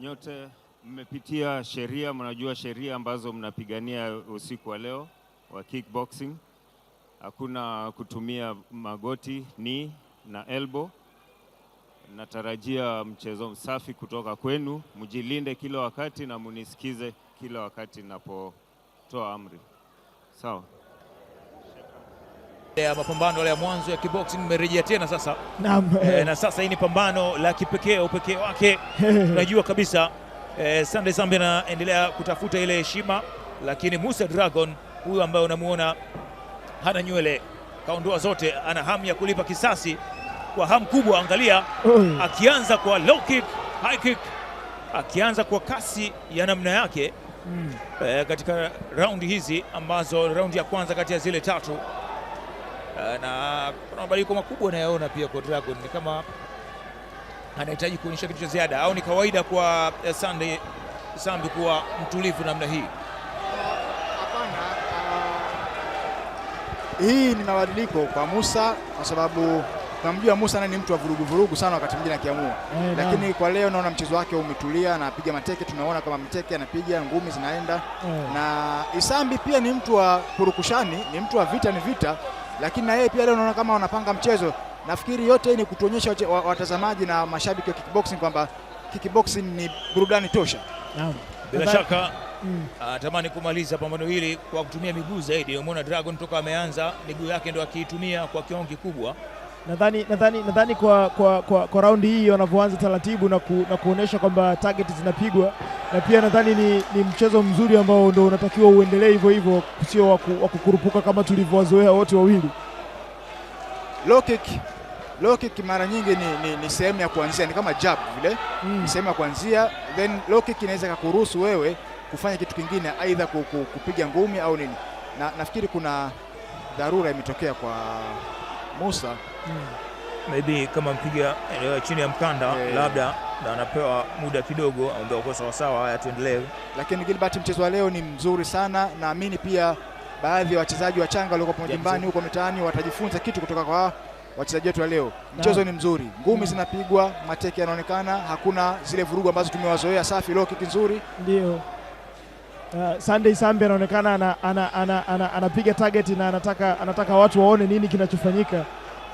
nyote mmepitia sheria, mnajua sheria ambazo mnapigania usiku wa leo wa kickboxing. Hakuna kutumia magoti, ni na elbow. Natarajia mchezo msafi kutoka kwenu, mjilinde kila wakati na munisikize kila wakati napotoa amri, sawa? ya mapambano ya mwanzo ya kickboxing imerejea tena sasa e, na sasa hii ni pambano la kipekee, upekee wake eh. unajua kabisa e, Sunday Zambi anaendelea kutafuta ile heshima, lakini Musa Dragon huyu ambaye unamuona hana nywele, kaondoa zote, ana hamu ya kulipa kisasi kwa hamu kubwa. Angalia akianza kwa low kick, high kick, akianza kwa kasi ya namna yake mm. E, katika raundi hizi ambazo raundi ya kwanza kati ya zile tatu Eh, na kuna mabadiliko makubwa anayoona pia kwa Dragon, ni kama anahitaji kuonyesha kitu cha ziada, au ni kawaida kwa eh, Sunday Sambi kuwa mtulivu namna hii? Hapana, uh, uh, hii ni mabadiliko kwa Musa kwa sababu tunamjua Musa ni mtu wa vurugu vurugu sana, wakati mwingine akiamua, eh, lakini na kwa leo naona mchezo wake umetulia, anapiga mateke, tunaona kama mteke anapiga ngumi zinaenda, na Isambi pia ni mtu wa purukushani, ni mtu wa vita, ni vita lakini na yeye pia leo naona kama wanapanga mchezo. Nafikiri yote hii ni kutuonyesha watazamaji na mashabiki wa kickboxing kwamba kickboxing ni burudani tosha. Naam, bila shaka mm. anatamani mm. kumaliza pambano hili kwa kutumia miguu zaidi. Umeona Dragon toka ameanza miguu yake ndo akiitumia kwa kiwango kikubwa nadhani nadhani nadhani kwa, kwa, kwa, kwa raundi hii wanavyoanza taratibu na, ku, na kuonesha kwamba target zinapigwa na pia nadhani ni, ni mchezo mzuri ambao ndio unatakiwa uendelee hivyo hivyo, sio wa kukurupuka kama tulivyowazoea wote wawili. Low kick, low kick mara nyingi ni, ni, ni sehemu ya kuanzia, ni kama jab vile mm. Ni sehemu ya kuanzia, then low kick inaweza kukuruhusu wewe kufanya kitu kingine, aidha kupiga ngumi au nini, na nafikiri kuna dharura imetokea kwa Musa maybe kama mpiga eh, chini ya mkanda yeah, labda na anapewa muda kidogo, aambia uko sawa sawa, haya tuendelee. Lakini Gilbert, mchezo wa leo ni mzuri sana, naamini pia baadhi ya wachezaji wachanga waliokuwa majumbani huko mitaani watajifunza kitu kutoka kwa wachezaji wetu wa leo. Mchezo ni mzuri, ngumi mm. zinapigwa, mateke yanaonekana, hakuna zile vurugu ambazo tumewazoea. Safi, low kick nzuri, ndio Uh, Sunday Sambe anaonekana anapiga target na anataka, anataka watu waone nini kinachofanyika.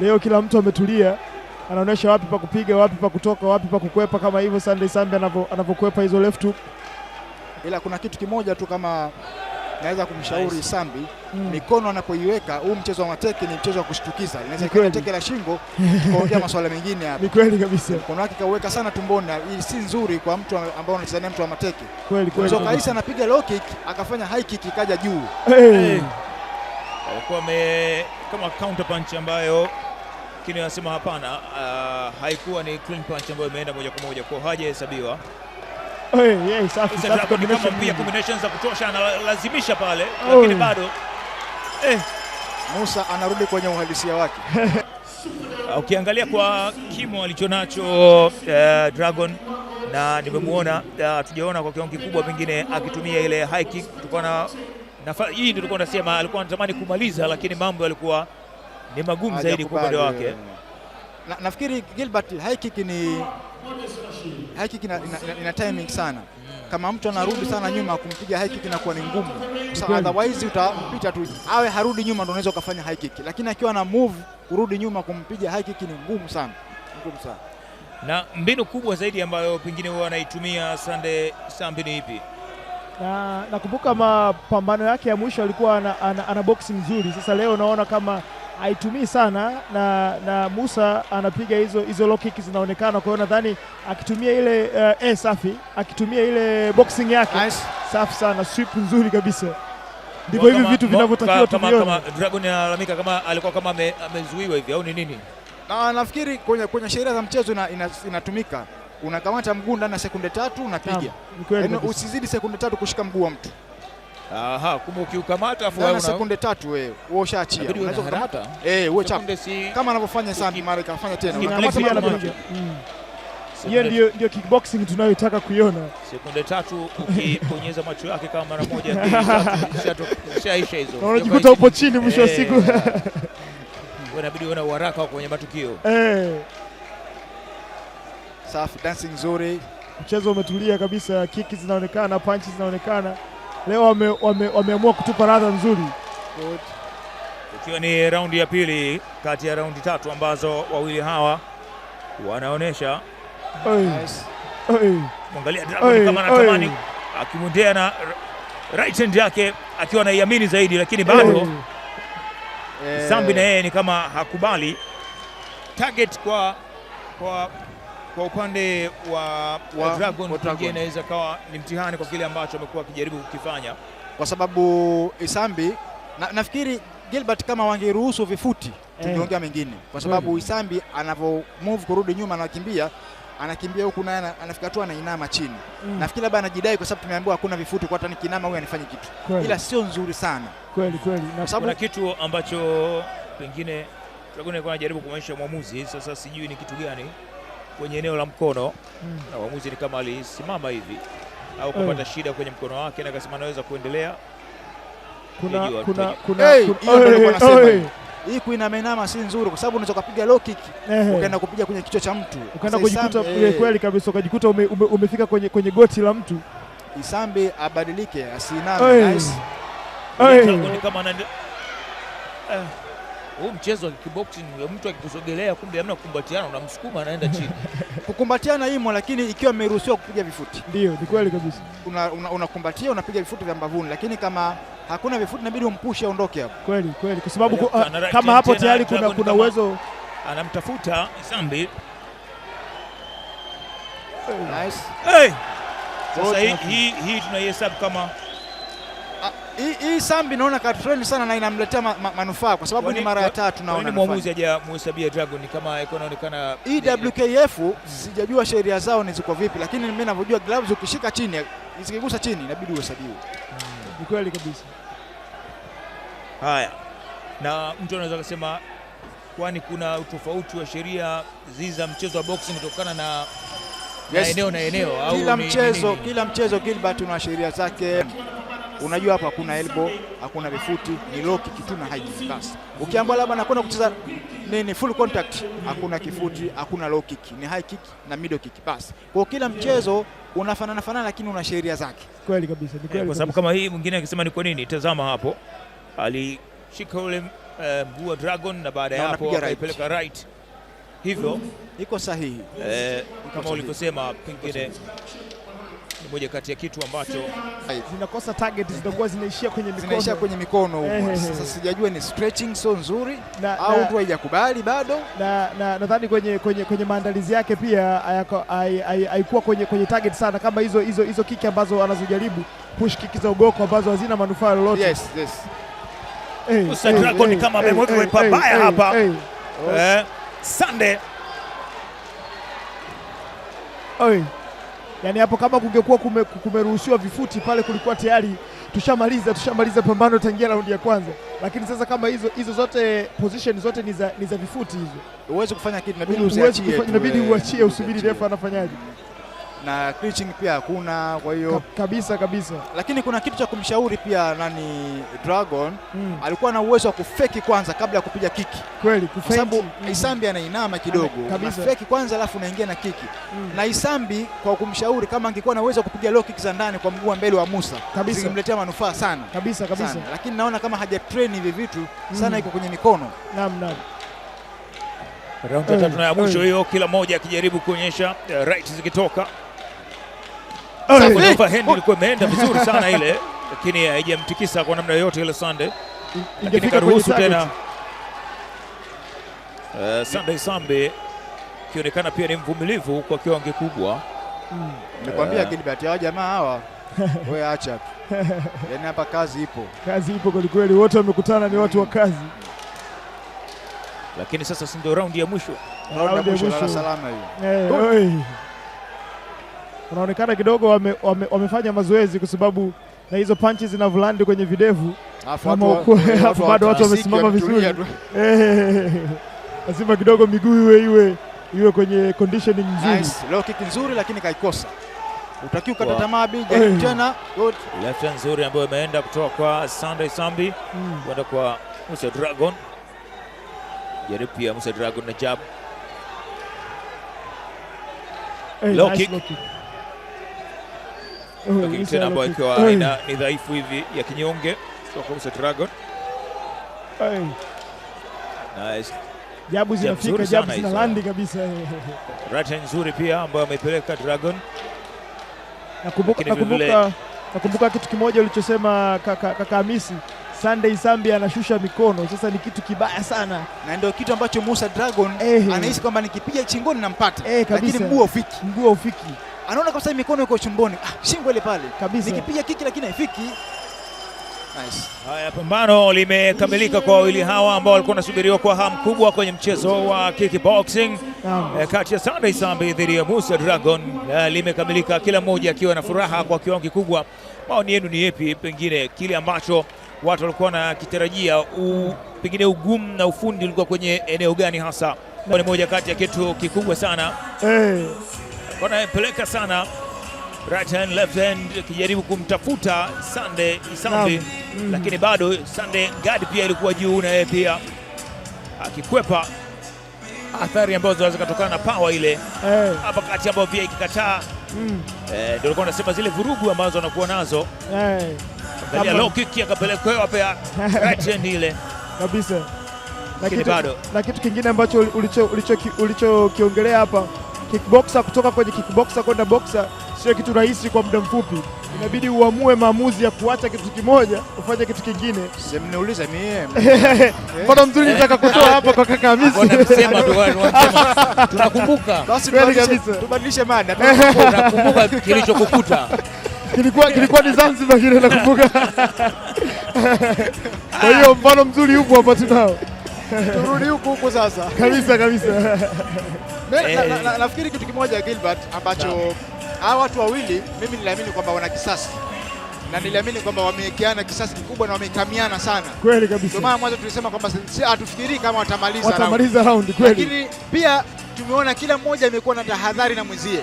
Leo kila mtu ametulia, anaonyesha wapi pa kupiga, wapi pa kutoka, wapi pa kukwepa, kama hivyo Sunday Sambi anavyokwepa hizo left hook. Ila kuna kitu kimoja tu kama naweza kumshauri nice. Sambi mm. mikono anapoiweka, huu mchezo wa mateke ni mchezo wa kushtukiza, inaweza kuwa teke la shingo kuongea masuala mengine hapa. Ni kweli kabisa, mkono wake kaweka sana tumboni, hii si nzuri kwa mtu ambao anachezania mtu wa mateke. Kweli kweli, so Kaisa anapiga low kick akafanya high kick ikaja juu hey. hey. Alikuwa kama counter punch ambayo lakini anasema hapana, uh, haikuwa ni clean punch ambayo imeenda moja kwa moja kwa hajahesabiwa. Hey, safi safi pia combinations za kutosha analazimisha pale oh, lakini bado eh, Musa anarudi kwenye uhalisia wake. Ah, ukiangalia kwa kimo alichonacho uh, Dragon na nimemuona eh, hatujaona uh, kwa kiwango kikubwa pengine akitumia ile high kick kutokana na hii ndio tulikuwa tunasema alikuwa anatamani kumaliza, lakini mambo yalikuwa ni magumu zaidi kwa upande wake. Na, nafikiri Gilbert high kick ni high kick ina, ina, ina timing sana Kama mtu anarudi sana nyuma kumpiga high kick inakuwa ni ngumu, otherwise utampita tu, awe harudi nyuma ndio unaweza ukafanya high kick, lakini akiwa na move kurudi nyuma kumpiga high kick ni ngumu sana, ngumu sana. Na mbinu kubwa zaidi ambayo pengine wanaitumia Sande Sambi ni ipi? Na nakumbuka mapambano yake ya mwisho alikuwa ana, ana, ana boxing nzuri. Sasa leo naona kama haitumii sana na, na Musa anapiga hizo, hizo low kick zinaonekana. Kwa hiyo nadhani akitumia ile uh, eh, safi akitumia ile boxing yake nice. Safi sana, sweep nzuri kabisa, ndivyo hivi vitu vinavyotakiwa tuvione. Kama Dragon analalamika kama alikuwa kama amezuiwa hivi au ni nini, na nafikiri kwenye, kwenye sheria za mchezo inatumika ina, ina unakamata mguu ndani ya sekunde tatu unapiga, yaani usizidi sekunde tatu kushika mguu wa mtu. Aha, kumbe ukiukamata una sekunde tatu wewe, wewe ushaachia. Unaweza kukamata. Eh, wewe chapa. Kama anavyofanya Sami mara kafanya tena. Unakamata mara moja. Hiyo ndio ndio kickboxing tunayotaka kuiona. Sekunde tatu ukiponyeza macho yake kama mara moja isha hizo. Na unajikuta upo chini mwisho wa siku. Eh. Inabidi uone uharaka kwenye matukio. Eh. Safi, dancing nzuri. Mchezo umetulia kabisa, kiki zinaonekana, punches zinaonekana leo wameamua kutupa radha nzuri. Ikiwa ni raundi ya pili kati ya raundi tatu ambazo wawili hawa wanaonyesha mwangalia kama anatamani akimwendea na right hand yake akiwa anaiamini zaidi, lakini bado Zambi na yeye ni kama hakubali target kwa, kwa kwa upande wa, wa Dragon pengine inaweza kawa ni mtihani kwa kile ambacho amekuwa akijaribu kukifanya, kwa sababu Isambi na, nafikiri Gilbert kama wangeruhusu vifuti tungeongea eh. mengine, kwa sababu Isambi anavyo move kurudi nyuma anakimbia anakimbia huku naye anafika tu anainama chini mm. Nafikiri labda anajidai kwa sababu tumeambiwa hakuna vifuti, kwa hata nikinama huyu anifanye kitu kweli. Ila sio nzuri sana kweli kweli, na sababu kuna kitu ambacho pengine Dragon alikuwa anajaribu kumwonyesha mwamuzi. Sasa sijui ni kitu gani kwenye eneo la mkono mm. na waamuzi ni kama alisimama hivi au kupata hey. Eh. shida kwenye mkono wake na akasema anaweza kuendelea. Kuna kuna kuna hey, hey, hiyo ndio anasema hii kuina menama si nzuri, kwa sababu unaweza kupiga low kick hey. ukaenda kupiga kwenye kichwa cha mtu ukaenda kujikuta hey. Eh, kweli kabisa ukajikuta ume, ume, umefika kwenye, kwenye goti la mtu. Isambi abadilike hey. Nice. hey. hey. Kama eh huu mchezo wa kickboxing mtu akikusogelea, kumbe hamna kukumbatiana, unamsukuma anaenda chini. Kukumbatiana imo, lakini ikiwa ameruhusiwa kupiga vifuti, ndio ni kweli kabisa. Unakumbatia una, una unapiga vifuti vya mbavuni, lakini kama hakuna vifuti inabidi umpushe aondoke hapo, kweli kweli, kwa sababu uh, kama hapo tayari kuna kuna uwezo anamtafuta Isambi. Nice. Hey. Sasa hii hii tunahesabu kama hii sambi naona katrend sana na inamletea ma, ma, manufaa kwa sababu ni mara ya tatu naona mwamuzi hajamhesabia Dragon kama inaonekana. Hii e WKF sijajua sheria zao ni ziko vipi, lakini mimi ninavyojua gloves ukishika chini zikigusa chini inabidi uhesabiwe. Hmm. Ni kweli kabisa. Haya, na mtu anaweza kusema kwani kuna utofauti wa sheria za mchezo wa boxing kutokana na yes, na eneo na eneo au kila mchezo Gilbert una sheria zake. Unajua hapa hakuna elbow, hakuna vifuti, ni low kick tu na high kick basi. Ukiambiwa labda nakwenda kucheza nini full contact, hakuna kifuti, hakuna low kick, ni high kick na middle kick basi. Kwa kila mchezo unafanana fanana, lakini una sheria zake. Kweli kabisa, ni eh, kweli. Kwa sababu kama hii mwingine akisema ni kwa nini, tazama hapo alishika ule mguu uh, wa Dragon na baada ya hapo akaipeleka right, hivyo iko sahihi eh, kama ulikosema pengine ni moja kati ya kitu ambacho zinakosa target, zinakuwa zinaishia kwenye mikono, zinaishia kwenye mikono huko. Sasa sijajua ni stretching so nzuri na, au tu haijakubali bado, na nadhani na kwenye, kwenye, kwenye maandalizi yake pia haikuwa kwenye, kwenye target sana, kama hizo hizo hizo kiki ambazo anazojaribu push kiki za ugoko ambazo hazina manufaa lolote. Yes, yes. Hey, Dragon hey, kama amemweka hey, pabaya hey, hapa hey. Oh. Eh, Sunday. Oi. Yaani hapo kama kungekuwa kume, kumeruhusiwa vifuti pale, kulikuwa tayari tushamaliza tushamaliza pambano tangia raundi ya kwanza, lakini sasa kama hizo hizo zote position zote ni za vifuti hizo, huwezi kufanya kitu, inabidi eh. uachie, usubiri refa anafanyaje na clinching pia hakuna, kwa hiyo kabisa kabisa. Lakini kuna kitu cha kumshauri pia nani Dragon mm. alikuwa na uwezo wa kufeki kwanza kabla ya kupiga kiki, kweli kwa sababu mm. Isambi anainama kidogo, unafeki kwanza alafu unaingia na kiki mm. na Isambi kwa kumshauri, kama angekuwa na uwezo wa kupiga low kick za ndani kwa mguu wa mbele wa Musa zingemletea manufaa sana kabisa kabisa sana. Lakini naona kama train hivi vitu hmm. sana iko kwenye mikono naam, naam. Raundi ya tatu na ya mwisho hiyo, kila mmoja akijaribu kuonyesha eh, right zikitoka Henry ilikuwa imeenda vizuri sana ile, lakini haijamtikisa kwa namna yoyote ile Sunday, lakini karuhusu tena uh, eh, Sunday Sambi akionekana pia ni mvumilivu kwa kiwango kikubwa. Hmm, Nikwambia Gilbert, eh. hawa jamaa hawa wewe acha tu, yaani hapa kazi ipo, kazi ipo kwelikweli, wote wamekutana ni watu wa kazi. Hmm. Lakini sasa si ndio raundi ya mwisho, raundi ya mwisho salama hiyo. Eh, unaonekana kidogo wame, wame, wamefanya mazoezi kwa sababu na hizo panchi vulandi kwenye videvu hapo, bado watu wamesimama vizuri. Lazima kidogo miguu iwe iwe iwe kwenye condition nzuri. Nice. Low kick nzuri lakini kaikosa. Utakiwa kata tamaa bi eh. tena. Good. Left hand nzuri ambayo imeenda kutoka kwa Sunday Sambi hmm. kwenda mm, kwa Musa Dragon. Jaribu pia Musa Dragon na jab. Hey, eh, low kick. Mm. lakini tena ambayo ikiwa aina ni dhaifu hivi ya kinyonge kutoka Dragon. Nice. Jabu zinafika, jabu zina landi kabisa. Right hand nzuri pia ambayo amepeleka Dragon. Nakumbuka nakumbuka nakumbuka kitu kimoja ulichosema kaka kaka Hamisi Sunday Sambi anashusha mikono, sasa ni kitu kibaya sana, na ndio kitu ambacho Musa Dragon anahisi kwamba nikipiga chingoni nampata eh, lakini mguu haufiki, mguu haufiki anaona kabisa mikono iko chumboni, ah, shingo ile pale kabisa, nikipiga kiki lakini haifiki. Nice. Haya, pambano limekamilika kwa wawili hawa ambao walikuwa wanasubiriwa kwa hamu kubwa kwenye mchezo wa kickboxing eh, kati ya Sunday Sambi dhidi ya Musa Dragon. Eh, limekamilika kila mmoja akiwa na furaha kwa kiwango kikubwa. Maoni yenu ni yepi, pengine kile ambacho watu walikuwa wanakitarajia, pengine ugumu na ufundi ulikuwa kwenye eneo gani hasa? Ni moja kati ya kitu kikubwa sana hey. Eh, wanayepeleka sana right hand left hand akijaribu kumtafuta Sande Isambi mm. Lakini bado sande gadi pia ilikuwa juu na yeye pia akikwepa athari ambazo zinaweza kutokana na pawa ile eh. hapa hey. Kati ambayo pia ikikataa mm. Eh, anasema zile vurugu ambazo anakuwa nazo hey. Eh. Angalia low kick akapelekewa pia right hand ile kabisa, na kitu kingine ambacho ulichokiongelea ulicho, ulicho hapa kickboxer kutoka kwenye kickboxer kwenda boxer sio kitu rahisi kwa muda mfupi, inabidi uamue maamuzi ya kuacha kitu kimoja ufanye kitu kingine. Mniulize mie mbona mzuri, nitaka kutoa hapa kwa kaka Hamisi, tunakumbuka basi, tubadilishe mada, tunakumbuka kilichokukuta kilikuwa kilikuwa ni Zanzibar kile, nakumbuka. Kwa hiyo mfano mzuri upo hapa tunao, turudi huku huku sasa, kabisa kabisa. Eh. Nafikiri kitu kimoja Gilbert, ambacho hawa watu wawili mimi niliamini kwamba wana kisasi na niliamini kwamba wamewekeana kisasi kikubwa na wamekamiana sana. Kweli kabisa. kwa maana mwanzo tulisema kwamba hatufikiri kama watamaliza watamaliza round kweli. Lakini pia tumeona kila mmoja amekuwa na tahadhari na mwenzie.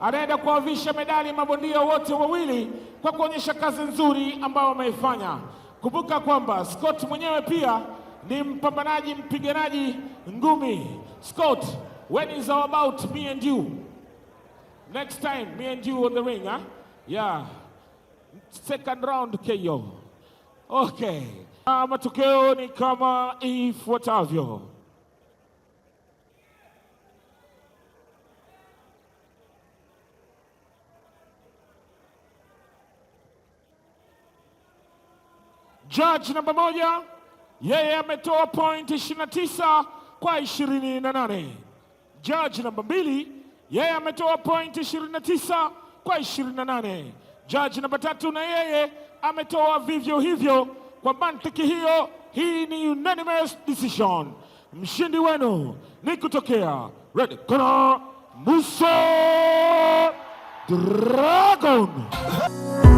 Anaenda kuwavisha medali mabondia wote wawili kwa kuonyesha kazi nzuri ambayo wameifanya. Kumbuka kwamba Scott mwenyewe pia ni mpambanaji, mpiganaji ngumi. Scott When it's all about me and you. Next time, me and you on the ring, huh? Yeah. Second round KO. Okay. Matokeo ni kama ifuatavyo. Judge namba moja yeye ametoa point 29 kwa 28. Judge namba mbili yeye ametoa point 29 kwa 28. Judge namba tatu na yeye ametoa vivyo hivyo. Kwa mantiki hiyo, hii ni unanimous decision. Mshindi wenu ni kutokea Red Corner Musa Dragon.